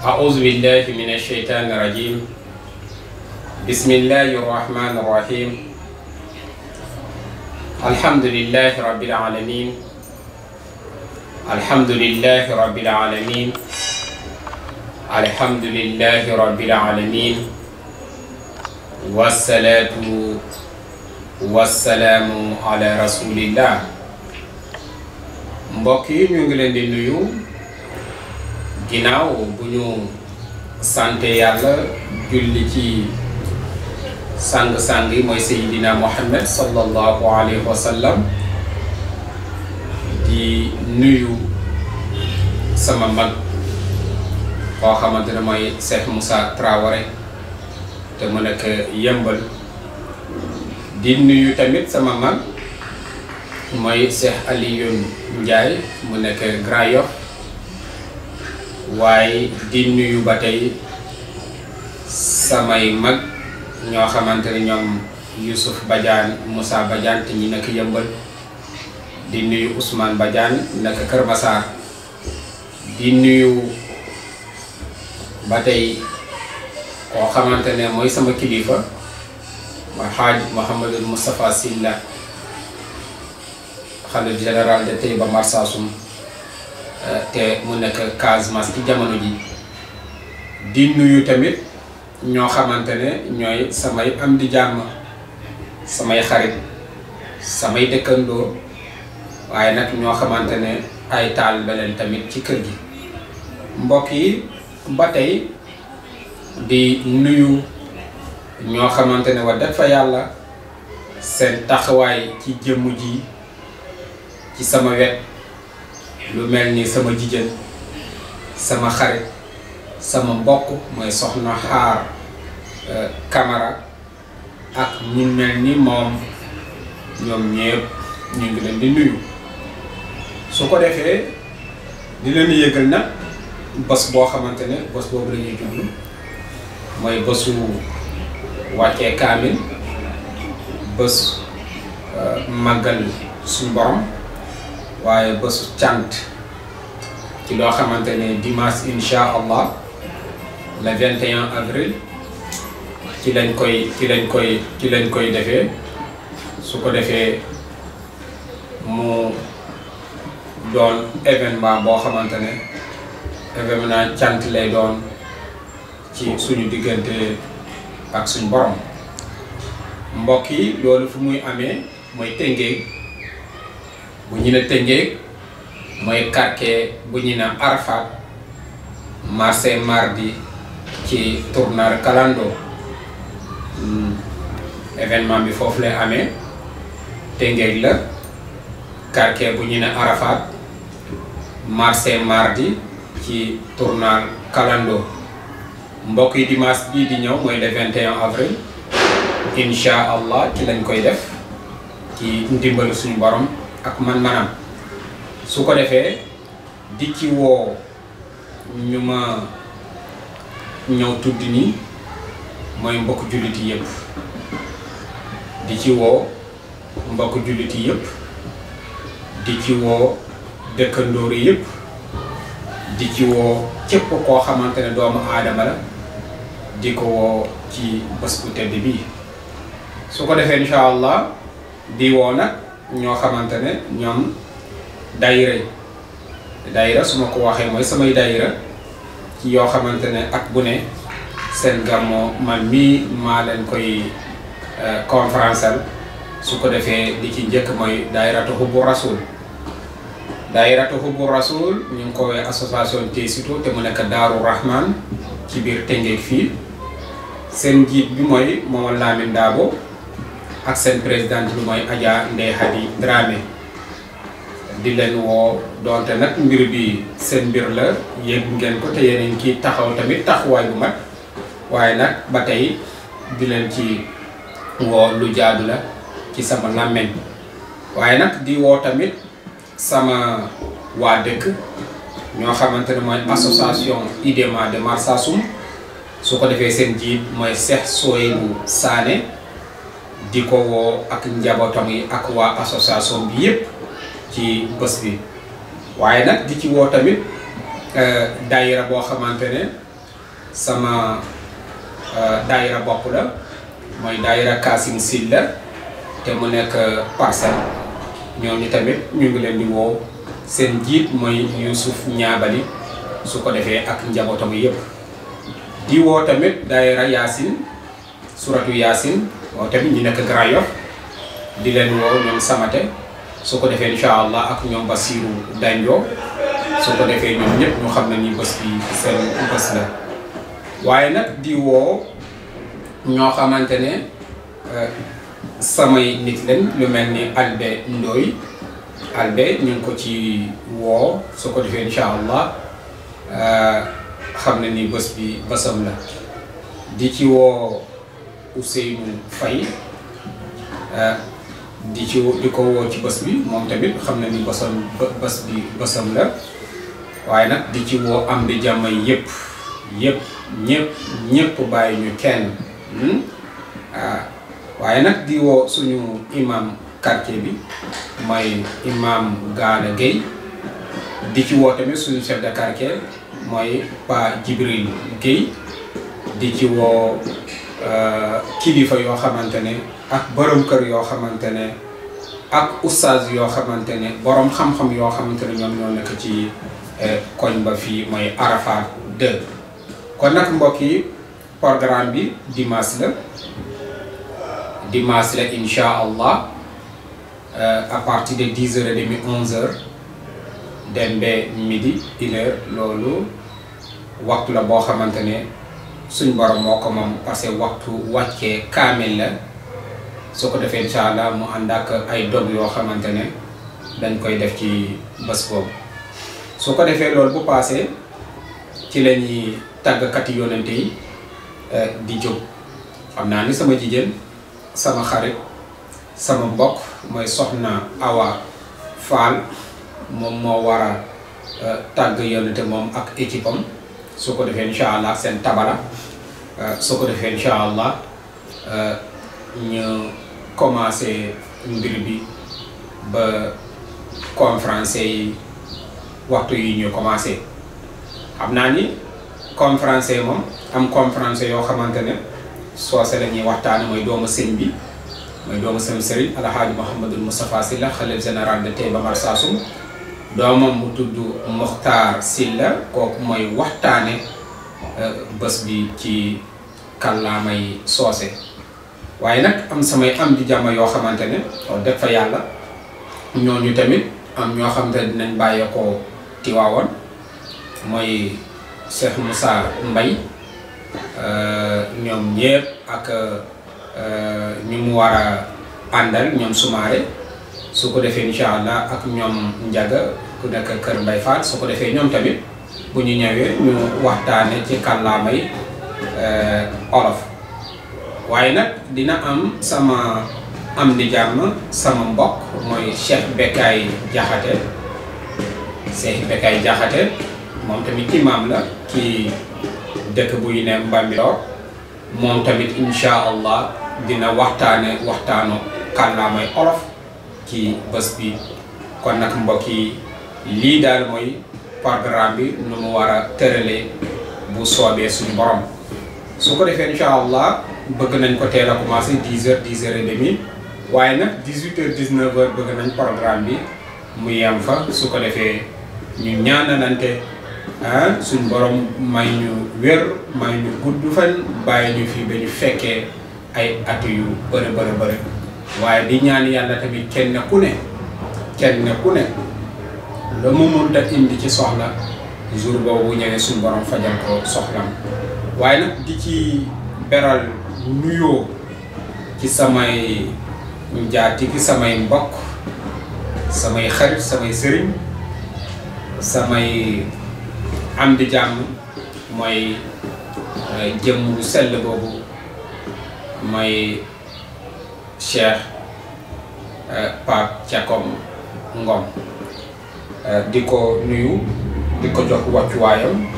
أعوذ بالله من الشيطان الرجيم بسم الله الرحمن الرحيم الحمد لله رب العالمين الحمد لله رب العالمين الحمد لله رب العالمين والصلاة والسلام على رسول الله mbokk yi ñu ginnaaw bu ñu sante yàlla julli ci sang-sang yi mooy sayidina Muhammad sallallahu alayhi wa di nuyu sama mag koo xamante ne mooy Cheikh Moussa Traoré te mu nekk yëmbal di nuyu tamit sama mag mooy Cheikh Alioune Ndiaye mu nekk Grand waaye di yu ba tey samay mag ñoo xamante ne ñoom Youssouf Badiane Moussa Badiane te ñi nekk yëmbal di nuyu Ousmane Badiane nekk Kër Massar di nuyu ba tey koo xamante ne mooy sama kilifa mooy xaaj Mouhamadul Moustapha Sylla xalif général de ba Marsassoum te mu nekk Casamance ci jamono ji di nuyu tamit ñoo xamante ne ñooy samay am di jàmm samay xarit samay dëkkandoo waaye nag ñoo xamante ne ay taal beneen tamit ci kër gi mbokk yi ba tey di nuyu ñoo xamante ne wax fa yàlla seen taxawaay ci jëmm ji ci sama wet lu melni sama jigen sama xarit sama mbokk moy soxna xaar kamera euh, ak ñu mel ni ñom ñepp ñu ngi leen di nuyu su ko defé di leen yeggal na bas bo xamantene bas bés boobu la ñuy jublu mooy bésu wàccee kaamil bés euh, màggal suñu borom waaye bésu cant ci loo xamante ne dimanche incha allah le 21 avril ci lañ koy ci lañ koy ci lañ koy defee su ko defee mu doon événement boo xamante ne événement cant lay doon ci suñu diggante ak suñu borom mbokk yi loolu fu muy amee mooy Tëngéej. bu ñu ne Tëngéej mooy quartier bu ñu ne Arafat marché mardi ci tournar Kalando hmm. événement bi foofu lay amee Tëngéej la quartier bu ñu ne Arafat marché mardi ci tournar Kalando mbokk yi dimanche bii di ñëw mooy le 21 avril incha allah ci lañ koy def ci ndimbalu suñu borom. ak man-manam su ko defee di ci woo ñu ma ñëw tudd nii mooy mbokk jullit yi yëpp ci woo mbokk jullit yi yëpp di ci woo dëkkandoor yëpp di ci woo cépp koo xamante ne doomu aadama la di ko woo ci bés bu bii su ko defee incha allah di woo nag ñoo xamante ne ñoom dayre yi su ma ko waxee mooy samay daayira ci yoo xamante ne ak bu ne seen gàmmoo man mii maa leen koy e, conférencial su ko defee li ci njëkk mooy daayiratu xubbu rasul daayiratu xubbu rasul ñu ngi ko woowee association Téesito te mu nekk Daaru Rahman ci biir Tëngéej fii seen njiit bi mooy Momadou Lamine Dabo ak sen president lu moy Adja Ndeye hadi Dramé di len wo donte nak mbir bi sen mbir la yegg ngeen ko te yenen ki taxaw tamit taxway bu mat waaye nak batay di len ci wo lu jaadu la ci sama làmmeñ waaye nak di wo tamit sama wa dekk ño xamante moy association IDEMA de marsasum su ko defee seen jiit Cheikh soyou Sané di wo ak njabotam yi ak wa association bi yep ci bi di ci wo tamit euh daaira bo ne sama euh, daaira bokku la moy daaira Kasim Silla te mu parcel ñoo ñooñu tamit ñu ngi leen di wo seen jitt moy yusuf Ñaabali su ko defé ak njabootam yep di wo tamit daaira Yasin suratu Yasin waaw tamit ñu nekk Grand Yoff di leen woo ñoom Samate su ko defee incha allah ak ñoom Basiru Danjo su ko defee ñëpp ñu xam ne ni bés bi seen bés la waaye nag di woo ñoo xamante ne euh, samay nit lañ lu mel ni Albé Ndoy Albé ñu ngi ko ci woo su ko defee incha allah euh, xam ne ni bés bi bésam la di ci woo Ousseynou Faye ah, di ci di ko woo ci bés bi moom tamit xam na ni basam bés bi basam la waaye nag di ci woo am di jàmm yëpp yëpp ñëpp ñëpp bàyyi ñu kenn hmm? ah, waaye nag di woo suñu imam quartier bi mooy imam Gaana Gueye di ci woo tamit suñu chef de quartier mooy Pa Jibril Gueye di ci woo Euh, kilifa yoo xamante ne ak borom kër yoo xamante ne ak ustaaz yoo xamante ne borom xam-xam yoo xamante ne ñoom ñoo nekk ci eh, koñ ba fi mooy Arafat 2 kon nag mbokk yi programme bi dimanche la dimanche la incha allah euh, à partir de dix heures et demi dem ba midi une loolu waxtu la boo xamante ne. suñ borom moko mom parce que waxtu wàccee kamel la soko defé inshallah mu andak ay dog yo xamantene dañ koy def ci bés bob soko defé defee bu passé ci lañi tag kat yonenté yi eh, di jog xam ni sama jigen sama xarit sama mbokk moy soxna Awa fal mom mo wara a eh, tàgg yonente ak équipe am su ko defee incha allah seen tabala euh, soo ko defee incha allah euh, ñu commencé mbir bi ba conférence yi waxtu yi ñu commencé am naa ni conférence yi moom am conférence yoo xamante ne soose la ñuy waxtaane mooy doomu sëñ bi mooy doomu sëñ sëriñ alhaaji Mouhamadul Moustapha Sylla xalif général de Taïba Marsassoum domam mu tuddu muxtar Silla kok moy waxtane eh, bes bi ci kàllaamay sosé waye nak am samay am di jàmm yo xamantene def fa yàlla ñooñu tamit am xamantene dinañ baye ko ti wawon moy Cheikh Moussa euh eh, ñom ñepp ak euh mu wara andal ñom sumaré su ko defee incha allah ak ñoom njaga ku nekk kër Mbay Fall su ko defee ñoom tamit bu ñu ñëwee ñu waxtaane ci kàllaamay euh, olof waaye nag dina am sama am di jàmm sama mbokk mooy Cheikh Bekkaay Jaxate Cheikh Bekkaay Jaxate moom tamit ci maam la ci dëkk buy ne Mbambilor moom tamit incha allah dina waxtaane waxtaanu kàllaamay olof ci bés bi kon nag mbokk yi lii daal mooy programme bi nu mu war a bu soobee suñu borom su ko defee incha allah bëgg nañ ko teel a commencé dix heures dix heures et demi waaye nag dix huit heures dix neuf heures bëgg nañ programme bi mu yem fa su ko defee ñu ñaanalante ah suñu borom may ñu wér may ñu gudd fan bàyyi ñu fii ba ñu fekkee ay at yu bëri bëri waaye di ñaan yàlla tamit kenn ku ne kenn ku ne la mu mënta indi ci soxla jour boobu ñëwee suñu borom fajal ko soxlam waaye nag di ci beral nuyoo ci samay njaati ci samay mbokk samay xarit samay sëriñ samay am di jàmm mooy eh, jëmm bu sell boobu mooy Cheikh eh, pak ciakom Ngom eh, diko nuyu diko jox waccu wayam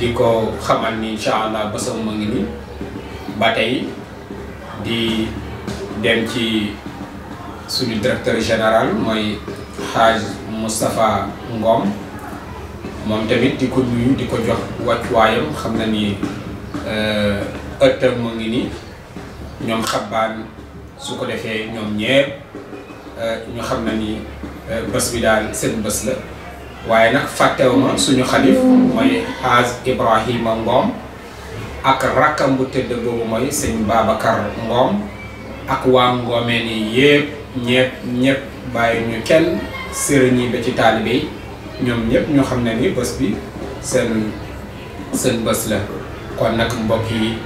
diko xamal ni inshallah ma ni batay di dem ci suñu directeur général moy Haj Mustafa Ngom mom tamit diko nuyu diko jox waccu wayam xamna ni ëttam eh, ma ni ñom su ko defee ñoom ñeer euh, ñu xam na ni euh, bés bi daal seen bés la waaye nag fàttewuma suñu xalif mooy Haaj Ibrahima Ngom ak rakkam bu tëdd boobu mooy sëñ Babacar Ngom ak waa Ngomeen yi yëpp ñepp ñëpp bàyyi ñu kenn sëriñ yi ba ci taalibe yi ñoom ñëpp ñu xam ne ni bës bi seen seen bés la kon nag mbokk yi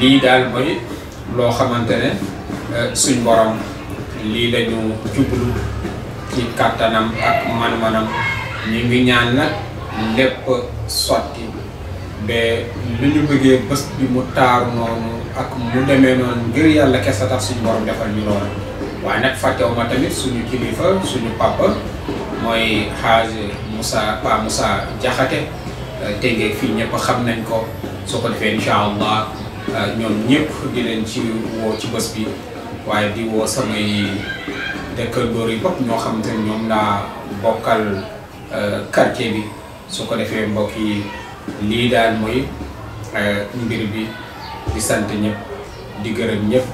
lii daal mooy loo xamante ne Eh, suñ borom li lañu jublu ci katanam ak man-manam ñi ngi ñaan nak lepp soti be lu ñu bëggee bi mu taar non ak mu démé non ngir yalla kessa tax suñ borom defal ñu loolu waaye nag ma tamit suñu kilifa suñu papa moy xaaj musa Pa musa Jaxate eh, tegee fi ñepp xam nañ ko so ko defee incha allah eh, di len ci wo ci bëss bi waaye di woo samay dëkkandoo yi bopp ñoo xam te ñoom laa bokkal quartier bi su ko defee mbokk yi lii daal mooy mbir bi di sant ñëpp di gërëm ñëpp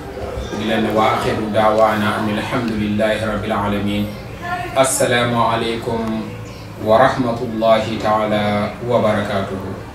di leen waa axiru daawaana an alhamdulillahi rabbil alamin assalaamu aleykum wa rahmatullahi taala wa barakaatuhu